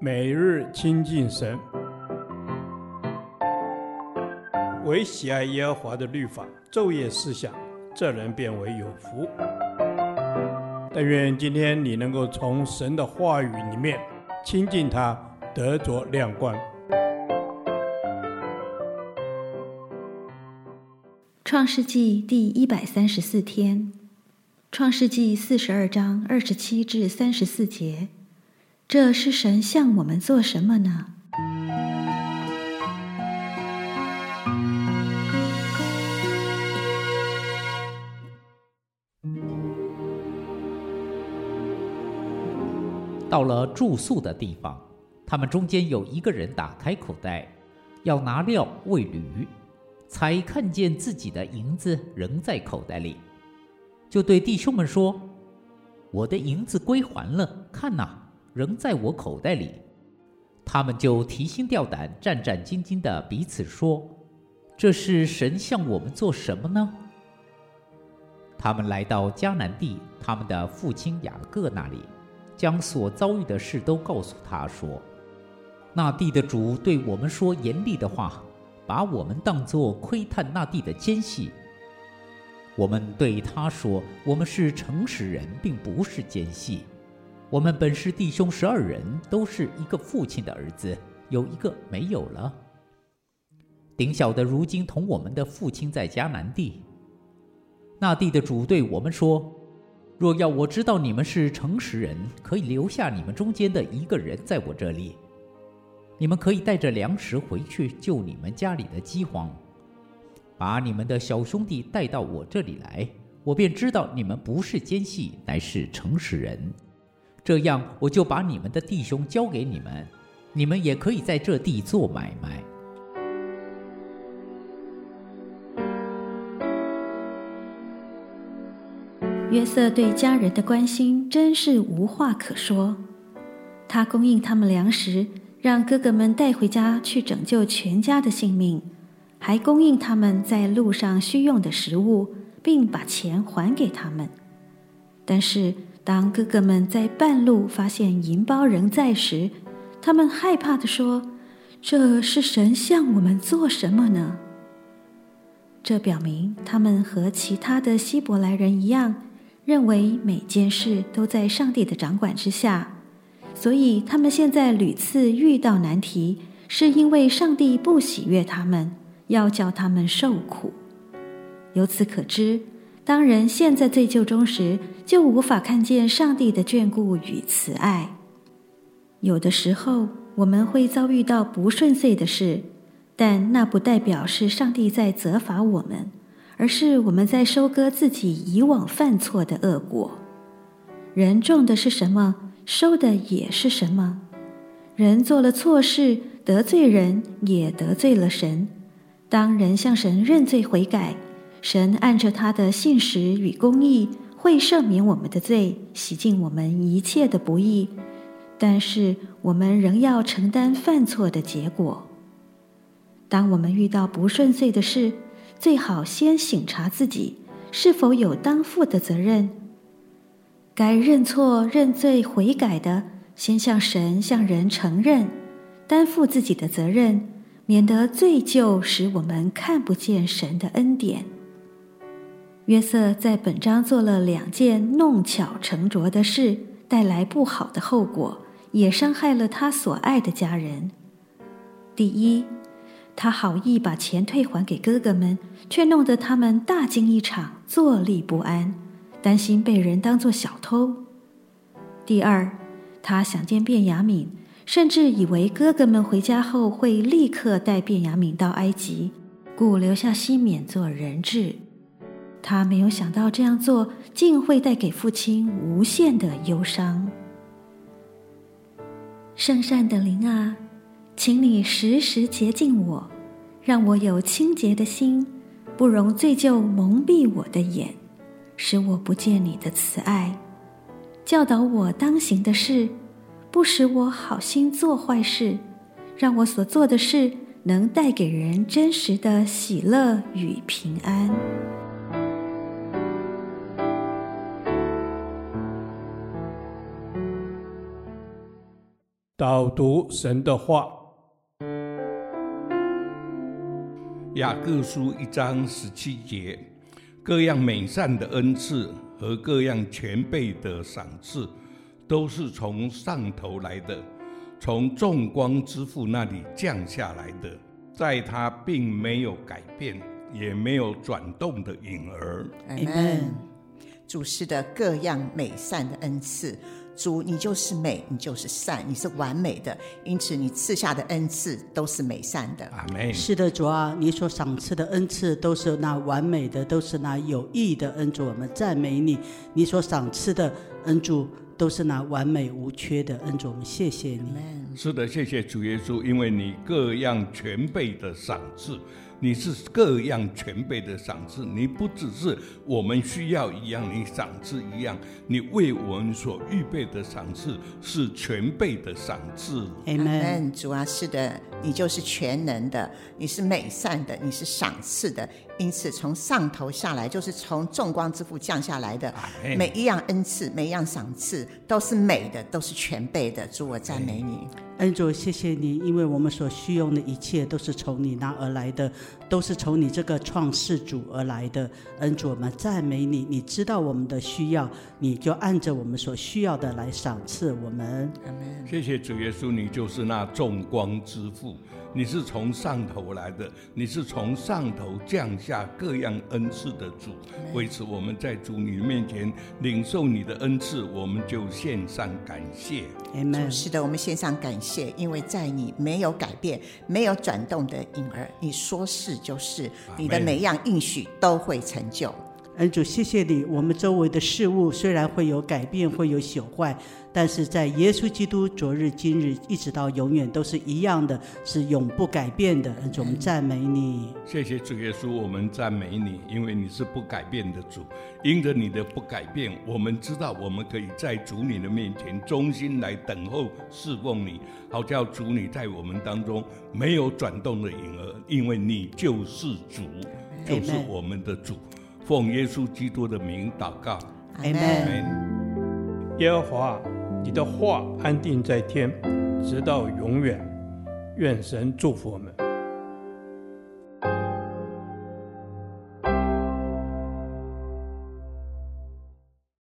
每日親近神，唯喜愛耶和華的律法，晝夜思想，這人便為有福。但願今天你能夠從神的話語裡面親近他，得着亮光。創世記第一百三十四天，創世記四十二章二十七至三十四節。這是神向我們做什麼呢？到了住宿的地方，他們中間有一個人打開口袋，要拿料餵驢，才看見自己的銀子仍在口袋裡，就對弟兄們說：“我的銀子歸還了，看哪、啊。”仍在我口袋裡，他們就提心吊膽、戰戰兢兢的彼此說：“這是神向我們做什麼呢？”他們來到迦南地，他們的父親雅各那裡，將所遭遇的事都告訴他說：“那地的主對我們說嚴厲的話，把我們當作窺探那地的奸細。我們對他說：我們是誠實人，並不是奸細。”我們本是弟兄十二人，都是一個父親的兒子，有一個沒有了。頂小的如今同我們的父親在迦南地，那地的主對我們說：若要我知道你們是誠實人，可以留下你們中間的一個人在我這裡，你們可以帶着糧食回去救你們家裡的饑荒，把你們的小兄弟帶到我這裡來，我便知道你們不是奸細，乃是誠實人。這樣，我就把你們的弟兄交給你們，你們也可以在這地做買賣。約瑟對家人的關心真是無話可說，他供應他們糧食，讓哥哥們帶回家去拯救全家的性命，還供應他們在路上需用的食物，並把錢還給他們。但是。當哥哥們在半路發現銀包仍在時，他們害怕地說：“這是神向我們做什麼呢？”這表明他們和其他的希伯來人一樣，認為每件事都在上帝的掌管之下，所以他們現在屢次遇到難題，是因為上帝不喜悅他們，要叫他們受苦。由此可知。當人陷在罪疚中時，就無法看見上帝的眷顧與慈愛。有的時候，我們會遭遇到不順遂的事，但那不代表是上帝在責罰我們，而是我們在收割自己以往犯錯的惡果。人種的是什麼，收的也是什麼。人做了錯事，得罪人也得罪了神。當人向神認罪悔改，神按着他的信實與公義，會赦免我們的罪，洗淨我們一切的不義。但是我們仍要承擔犯錯的結果。當我們遇到不順遂的事，最好先省察自己是否有擔負的責任。該認錯、認罪、悔改的，先向神、向人承認，擔負自己的責任，免得罪疚使我們看不見神的恩典。約瑟在本章做了兩件弄巧成拙的事，帶來不好的後果，也傷害了他所愛的家人。第一，他好意把錢退還給哥哥們，卻弄得他們大驚一場，坐立不安，擔心被人當作小偷。第二，他想見便雅憫，甚至以為哥哥們回家後會立刻帶便雅憫到埃及，故留下西緬做人質。他沒有想到這樣做竟會帶給父親無限的憂傷。聖善的靈啊，請你時時潔淨我，讓我有清潔的心，不容罪疚蒙蔽我的眼，使我不見你的慈愛，教導我當行的事，不使我好心做壞事，讓我所做的事能帶給人真實的喜樂與平安。導讀神的話，《雅各書》一章十七節，各樣美善的恩賜和各樣全備的賞賜，都是從上頭來的，從眾光之父那裡降下來的，在他並沒有改變，也沒有轉動的影兒。Amen 嗯、主施的各樣美善的恩賜。主，你就是美，你就是善，你是完美的，因此你賜下的恩賜都是美善的。Amen 是的，主啊，你所賞賜的恩賜都是那完美的，都是那有益的，恩主，我們讚美你，你所賞賜的恩賜都是那完美無缺的，恩主，我們謝謝你。Amen 是的，謝謝主耶穌，因為你各樣全備的賞賜。你是各樣全備的賞賜，你不只是我們需要一樣，你賞賜一樣，你為我們所預備的賞賜是全備的賞賜。Amen. Amen. 主啊，是的，你就是全能的，你是美善的，你是賞賜的。因此，從上頭下來，就是從眾光之父降下來的，Amen. 每一樣恩賜，每一樣賞賜都是美的，都是全備的。主，我讚美你，恩主，謝謝你，因為我們所需用的一切都是從你那而來的。都是從你這個創世主而來的恩主，我們讚美你。你知道我們的需要，你就按着我們所需要的來賞賜我們。謝謝主耶穌，你就是那眾光之父，你是從上頭來的，你是從上頭降下各樣恩賜的主。為此，我們在主你面前領受你的恩賜，我們就獻上感謝。是的 Amen，我們獻上感謝，因為在你沒有改變、沒有轉動的影兒，你說是就是，你的每樣應許都會成就。恩主，謝謝你。我們周圍的事物雖然會有改變，會有朽壞，但是在耶穌基督昨日、今日一直到永遠都是一樣的，是永不改變的。恩、嗯、主，我們讚美你。謝謝主耶穌，我們讚美你，因為你是不改變的主。因着你的不改變，我們知道我們可以在主你的面前衷心來等候侍奉你，好叫主你在我們當中沒有轉動的影兒，因為你就是主，嗯、就是我們的主。奉耶穌基督的名禱告，阿門 Amen。Amen 耶和華，你的話安定在天，直到永遠。願神祝福我們。